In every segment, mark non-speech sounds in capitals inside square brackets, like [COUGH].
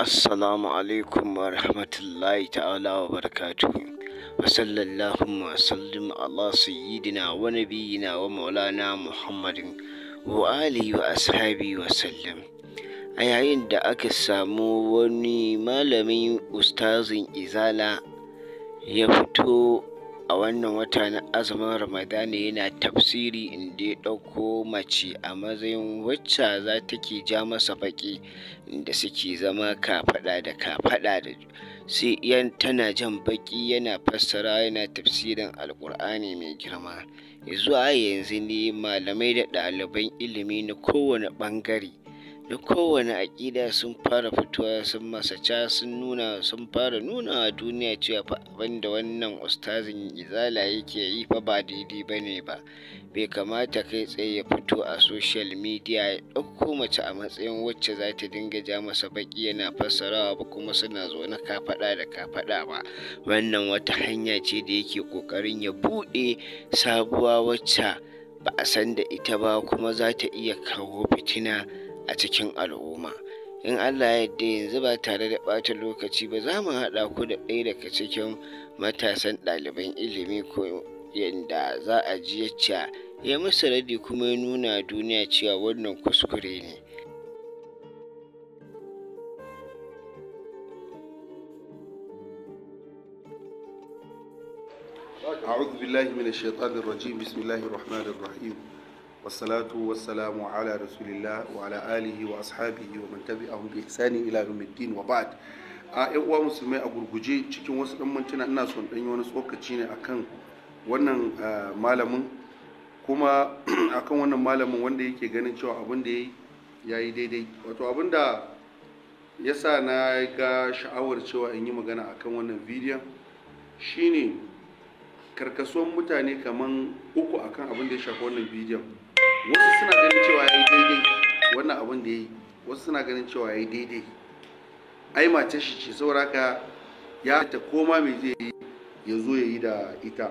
Assalamu alaikum wa rahmatullahi ta'ala wa barakatuhu. Wa sallallahu wa sallim ala sayyidina wa nabiyina wa maulana Muhammadin wa alihi wa ashabi wa sallam. A yayin da aka samu wani malamin ustazin izala ya fito a wannan wata na azumin Ramadana yana tafsiri inda ya ɗauko mace a matsayin wacce za ta ke ja masa baƙi da suke zama kafaɗa da kafaɗa da sai iyan tana jan baƙi yana fassara yana tafsirin alƙur'ani mai girma zuwa yanzu ne malamai da ɗaliban ilimi na kowane ɓangare da kowane aƙida sun fara fitowa sun masaca sun nuna sun fara nuna a duniya cewa fa da wannan ustazin izala yake yi fa ba daidai ba ne ba bai kamata kai tsaye ya fito a social media ya ɗauko mace a matsayin wacce za ta dinga ja masa baƙi yana fassarawa ba kuma suna zaune kafaɗa da kafaɗa ba wannan wata hanya ce da yake ƙoƙarin ya buɗe sabuwa wacce ba a san da ita ba kuma za ta iya kawo fitina a cikin al'umma in Allah ya yarda yanzu ba tare da ɓata lokaci ba za mu haɗa ku da ɗaya daga cikin matasan ɗaliban ilimi ko yadda za a ji yacca ya musu radi kuma ya nuna duniya cewa wannan kuskure ne. أعوذ بالله من الشيطان الرجيم بسم الله الرحمن الرحيم wasalatu wasalamu ala rasulillah wa ala alihi wa ashabihi wa man tabi'ahum bi ihsani ila yawmiddin wa ba'd a ƴan uwa musulmai a gurguje cikin wasu ɗan mintuna ina son ɗan wani tsokaci ne akan wannan malamin kuma akan wannan malamin wanda yake ganin cewa abin da ya yi daidai wato abin da ya sa na ga sha'awar cewa in yi magana akan wannan bidiyon shine karkasuwan mutane kaman uku akan abin da ya shafi wannan bidiyon wasu suna ganin cewa ya yi daidai wannan abin da ya yi wasu suna ganin cewa ya yi daidai ai mace shi ce sauraka ya ta koma mai zai yi ya zo ya yi da ita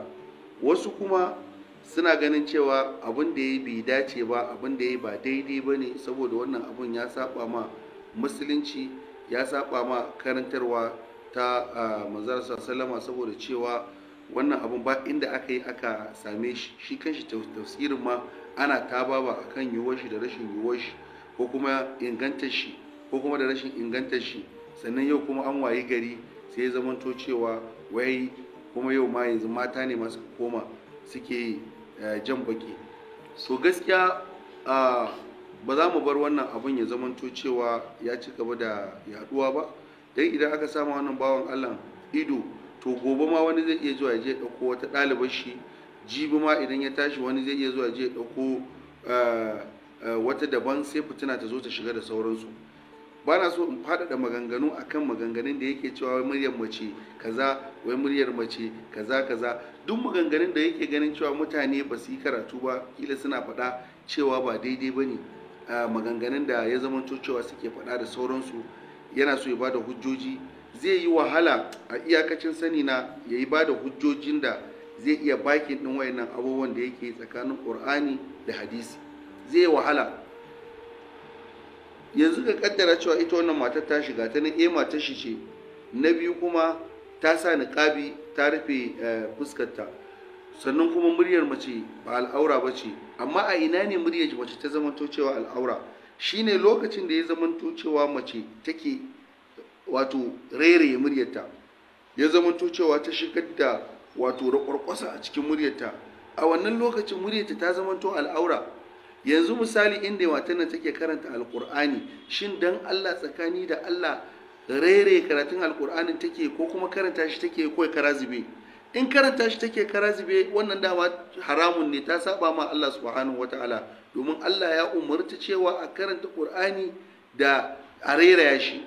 wasu kuma suna ganin cewa abin da ya yi bai dace ba abin da ya yi ba daidai ba ne saboda wannan abin ya saba ma musulunci ya saba ma karantarwa ta ah, mazarsa salama saboda cewa wannan abun ba inda aka yi aka same shi shi kanshi tafsirin ma ana ta baba a kan yiwuwar shi da rashin yiwuwar shi ko kuma ingantar shi ko kuma da rashin ingantar shi sannan yau kuma an wayi gari sai zama to cewa wai kuma yau ma yanzu mata ne masu koma suke eh, jan baki so gaskiya ba za mu bar wannan abun ya to cewa ya ci gaba da yaduwa ba dan idan aka sama wannan bawan allah ido to gobe ma wani zai iya zuwa je dauko wata ɗalibar shi jibi ma idan ya tashi wani zai iya zuwa je dauko eh, eh, wata daban sai fitina ta zo ta shiga da sauransu ba na so in faɗaɗa maganganu akan maganganun da yake cewa wai muryar mace kaza wai muryar mace kaza kaza duk maganganun da yake ganin cewa mutane ba su yi karatu ba kila suna faɗa cewa ba daidai ba ne eh, maganganun da ya zama cewa suke faɗa da sauransu yana so ya bada hujjoji zai yi wahala a iyakacin sani na ya yi ba da hujjojin da zai iya bakin ɗin wayannan abubuwan da yake tsakanin ƙur'ani da hadisi zai yi wahala yanzu ka kaddara cewa ita wannan matar ta shiga ta nan eh shi ce na biyu kuma ta sa niƙabi ta rufe eh, fuskarta sannan kuma muryar mace ba al'aura ba ce amma a ina ne muryar mace ta zamanto cewa al'aura shine lokacin da ya zamanto cewa mace take wato rairaye muryarta ya zamanto cewa ta shigar da wato rakwarkwasa a cikin muryarta a wannan lokacin muryarta ta zamanto al'aura yanzu misali inda matan nan take karanta Alƙur'ani, shin dan Allah tsakani da Allah rere karatun alƙur'anin take ko kuma karanta shi take kawai karazube in karanta shi take karazube wannan dama haramun ne ta saba ma Allah subhanahu wataala domin Allah ya umarta cewa a karanta ƙur'ani da a ya shi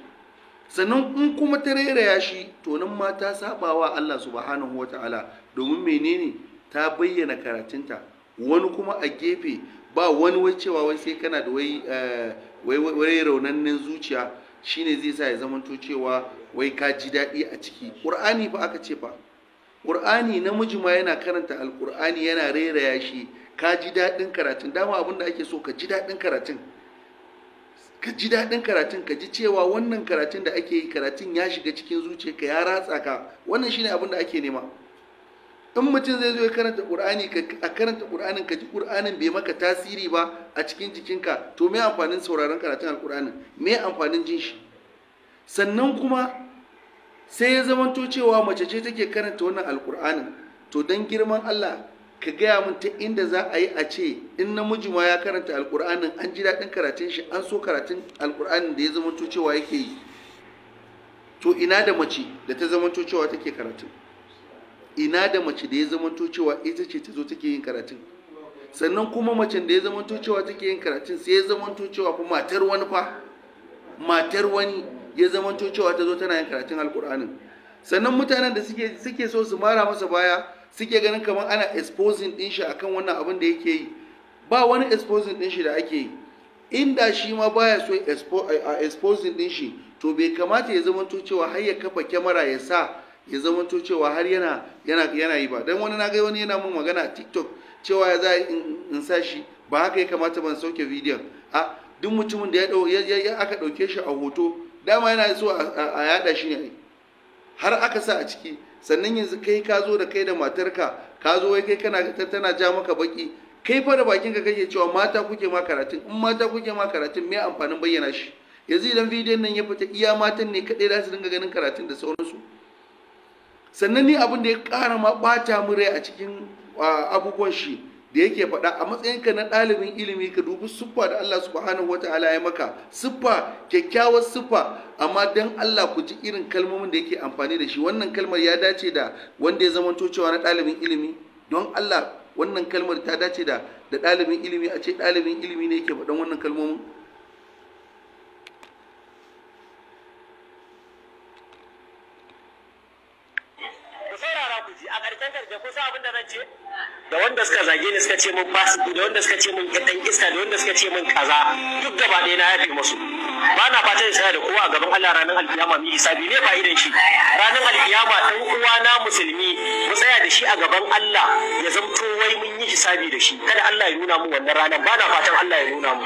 sannan in kuma ta rera shi to nan ma ta saba wa Allah subhanahu wata'ala domin menene ta bayyana karatunta wani kuma a gefe ba wani wai cewa wai sai kana da wai eh, raunannen zuciya shine zai sa ya zamanto cewa wai ka ji daɗi a ciki ƙur'ani fa aka ce fa ƙur'ani namiji ma yana karanta alƙur'ani yana rera shi ka ji daɗin karatun dama abin da ake so ka ji daɗin karatun ka ji daɗin karatun ka ji cewa wannan karatun da ake yi karatun ya shiga cikin zuciyarka ya ratsa ka wannan shine abin da ake nema in mutum zai zo ya karanta qur'ani a karanta qur'anin ka ji qur'anin bai maka tasiri ba a cikin jikinka to me amfanin sauraron karatun alqur'anin me amfanin jin shi sannan kuma sai ya zamanto cewa mace ce take karanta wannan alqur'anin to don girman Allah ka gaya mun ta inda za a yi a ce in namiji ma ya karanta alkur'anin an ji daɗin karatun shi an so karatun alkur'anin da ya zama cewa yake yi to ina da mace da ta zama cewa take karatun ina da mace da ya zama cewa ita ce ta zo take yin karatun sannan kuma macen da ya zama cewa take yin karatun sai ya zama cewa ko matar wani fa matar wani ya zama cewa ta zo tana yin karatun alkur'anin sannan mutanen da suke so su mara masa baya suke ganin kamar ana exposing din shi akan wannan abin da yake yi ba wani exposing din shi da ake yi inda shi ma baya so a exposing din shi to bai kamata ya zama to cewa har ya kafa kyamara ya sa ya zama to cewa har yana yana yana yi ba dan wani na ga wani yana mun magana TikTok cewa ya za in sa shi ba haka ya kamata ban sauke bidiyon a duk mutumin da ya aka dauke shi a hoto dama yana so a yada shi ne har aka sa a ciki sannan yanzu kai ka zo da kai da matarka ka zo wai kai kana tana ja maka baki kai fa da bakinka kake cewa mata kuke ma karatun in mata kuke ma karatun me amfanin bayyana shi yanzu idan bidiyon nan ya fita iya matan ne kadai za su dinga ganin karatun da sauransu sannan ni abin da ya kara ma bata mu rai a cikin abubuwan shi da yake faɗa a matsayinka na ɗalibin ilimi ka dubi siffa da Allah subhanahu ta'ala ya maka siffa kyakkyawar siffa amma dan Allah ku ji irin kalmomin da yake amfani da shi wannan kalmar ya dace da wanda ya zama cewa na ɗalibin ilimi don Allah wannan kalmar ta dace da da ɗalibin ilimi a ce ɗalibin ilimi ne yake faɗan wannan kalmomin ji a ƙarshen abin da zan ce da wanda suka zage ni suka ce min fasiki da wanda suka ce min gaɗan iska da wanda suka ce min kaza duk gaba ɗaya na yafe musu ba na fatan tsaya da kowa a gaban Allah ranar alkiyama mi isa ne fa'idan shi ranar alkiyama ɗan uwa na musulmi mu tsaya da shi a gaban Allah ya zamto wai mun yi hisabi da shi kada Allah ya nuna mu wannan ranar ba na fatan Allah ya nuna mu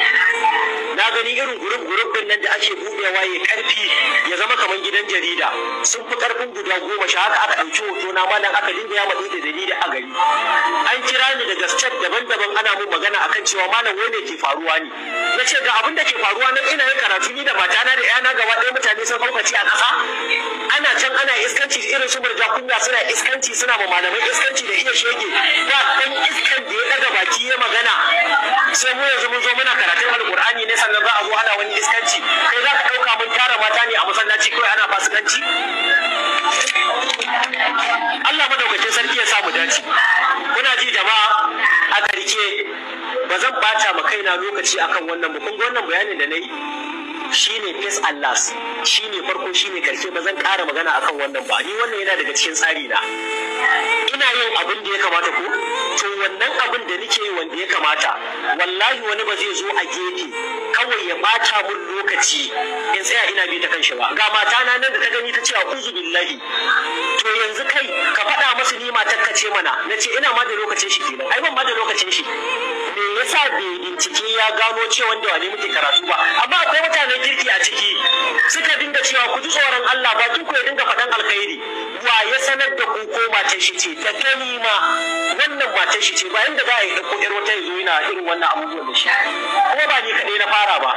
na gani irin gurup gurup din nan da ake buɗewa ya karfi ya zama kamar gidan jarida sun fi karfin guda goma sha haka aka ɗauki hoto na malam aka dinga ya da dalili a gari an kira ni daga state daban-daban ana mun magana akan cewa malam wai ne ke faruwa ne na ce ga abin da ke faruwa na ina yin karatu ni da matana da yana gaba ɗaya mutane sun kwakwaci a ƙasa ana can ana iskanci irin su murja kunya suna iskanci suna ma malamai iskanci da iya shege ba ɗan iskan da ya ɗaga baki ya magana sai mu yanzu mun zo muna karatun alƙur'ani ne sannan za a zo ana wani iskanci kai za ka ɗauka mun tara mata ne a masallaci kawai ana fasikanci ba zan bata ma kaina lokaci akan wannan ba kun wannan bayanin da nayi shine face and last shine farko shine karshe ba zan ƙara magana akan wannan ba ni wannan yana daga cikin tsari na ina yin abin da ya kamata ko to wannan abin da nike yi wanda ya kamata wallahi wani ba zai zo a gefe kawai ya bata mun lokaci in tsaya ina bi ta kanshi ba ga mata na nan da ta gani ta ce kuzu billahi to yanzu kai ka faɗa masu ni matar ka ce mana Na ce ina ma da lokacin shi kenan ai ban ma da lokacin shi ya gano cewa da wane muke karatu ba amma akwai mutane kirki a ciki suka dinga cewa ku ji tsoron Allah ba ku ya dinga faɗan alkhairi wa ya sanar da ku ko matan shi ce ta gani ma wannan matan shi ce ba inda za a yi ɗauko ƴar wata yanzu yana irin wannan abubuwan da shi kuma ba ni kaɗai na fara ba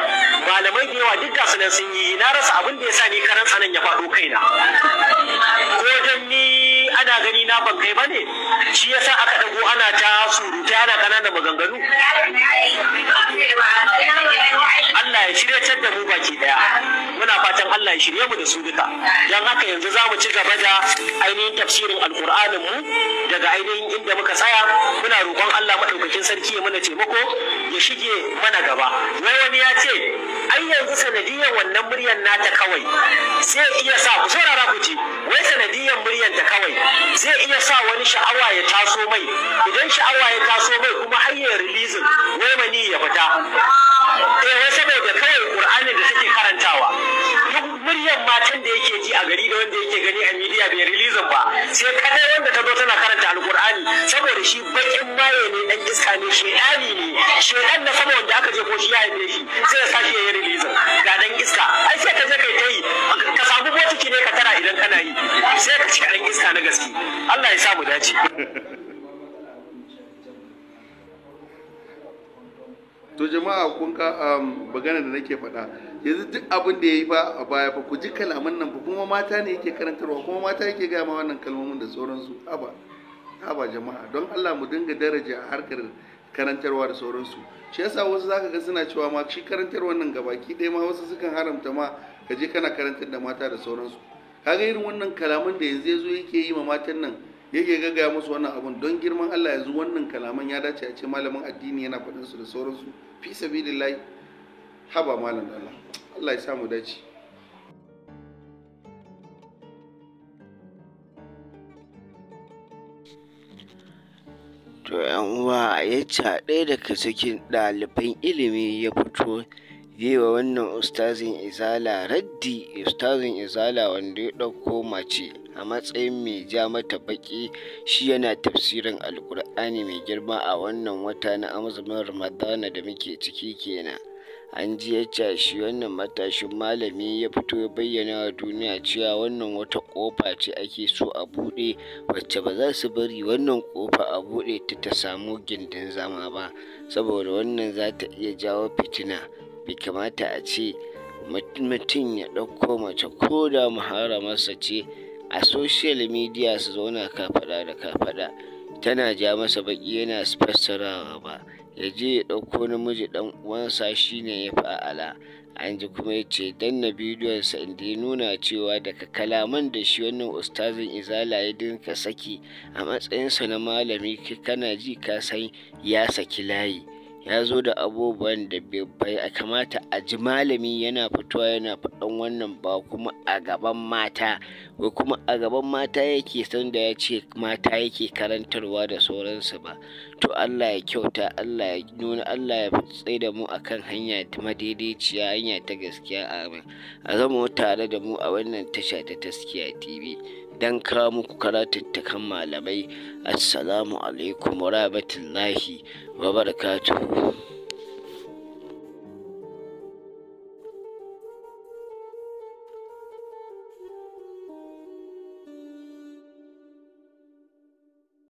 malamai da yawa duk gasu su nan sun yi na rasa abin da ya sa ni karan tsanan ya faɗo kaina na ban kai ba ne shi yasa aka ɗago ana ta surutu ana ƙananan maganganu Allah ya shiryatar da mu baki ɗaya, muna fatan Allah ya shirye mu da su duka don haka yanzu za mu ci gaba da ainihin tafsirin alkur'anin mu daga ainihin inda muka tsaya muna roƙon Allah maɗaukakin sarki ya mana taimako ya shige mana gaba wai wani ya ce ai yanzu sanadiyar wannan muryar nata kawai zai iya sa ku saurara ku ji wai sanadiyar muryar ta kawai zai iya sa wani sha'awa ya taso mai idan sha'awa ya taso mai kuma har ya releasing wai mani ya fita eh wai saboda kawai qur'anin da take karantawa duk muryar matan da yake ji a gari da wanda yake gani a midiya bai releasing ba sai kadai wanda ta zo saboda shi bakin maye ne dan iska ne shedani ne shedan na sama wanda aka je ko shi ya haife shi sai ya sashi ya yi release ga dan iska ai sai ka je kai ta yi ka samu botiki ne ka tara idan kana yi sai ka ci dan iska na gaske Allah ya sa mu dace [LAUGHS] to jama'a kun ka um, magana da nake faɗa yanzu duk abin da ya yi fa a baya fa ku ji kalaman nan fa kuma mata ne yake karantarwa kuma mata yake gaya ma wannan kalmomin da sauransu aba haba jama'a don Allah mu dinga daraja a harkar karantarwa da sauransu shi yasa wasu zaka ga suna cewa ma shi karantar wannan gabaki ɗaya ma wasu sukan haramta ma ka je kana karantar da mata da sauransu kaga irin wannan kalaman da yanzu yazo yake yi ma matan nan yake gaggaya musu wannan abun don girman Allah yanzu wannan kalaman ya dace a ce malamin addini yana faɗin su da sauransu fi sabilillahi haba malam Allah Allah ya samu dace wato yan uwa yacca ɗaya daga cikin ɗaliban ilimi ya fito yi wannan ustazin izala raddi ustazin izala wanda ya ɗauko mace a matsayin mai ja mata baƙi shi yana tafsirin Alƙur'ani mai girma a wannan wata na azumin ramadana da muke ciki kenan an ji ya shi wannan matashin malami ya fito ya bayyana wa duniya cewa wannan wata kofa ce ake so a buɗe wacce ba za su bari wannan kofa a buɗe ta ta samu gindin zama ba saboda wannan za ta iya jawo fitina bai kamata a ce mutum ya ɗauko mace ko da muhara masa ce a social media su zauna kafaɗa da kafaɗa tana ja masa baƙi yana fassarawa ba ya je ya ɗauko namiji ɗan uwansa shine ya fi a'ala an ji kuma ya ce danna bidiyonsa inda ya nuna cewa daga kalaman da shi wannan ustazin izala ya dinka saki a matsayinsa na malami kana ji ka san ya saki layi ya zo da abubuwan da bai kamata a ji malami yana fitowa yana faɗan wannan ba kuma a gaban mata ko kuma a gaban mata yake san da ya ce mata yake karantarwa da sauransu ba to Allah ya kyauta Allah ya nuna Allah ya tsaye da mu akan hanya ta madaidaiciya hanya ta gaskiya amin a zama tare da mu a wannan tasha ta taskiya tv don kawo muku karatattakan malamai assalamu alaikum wa rahmatullahi wa barakatuhu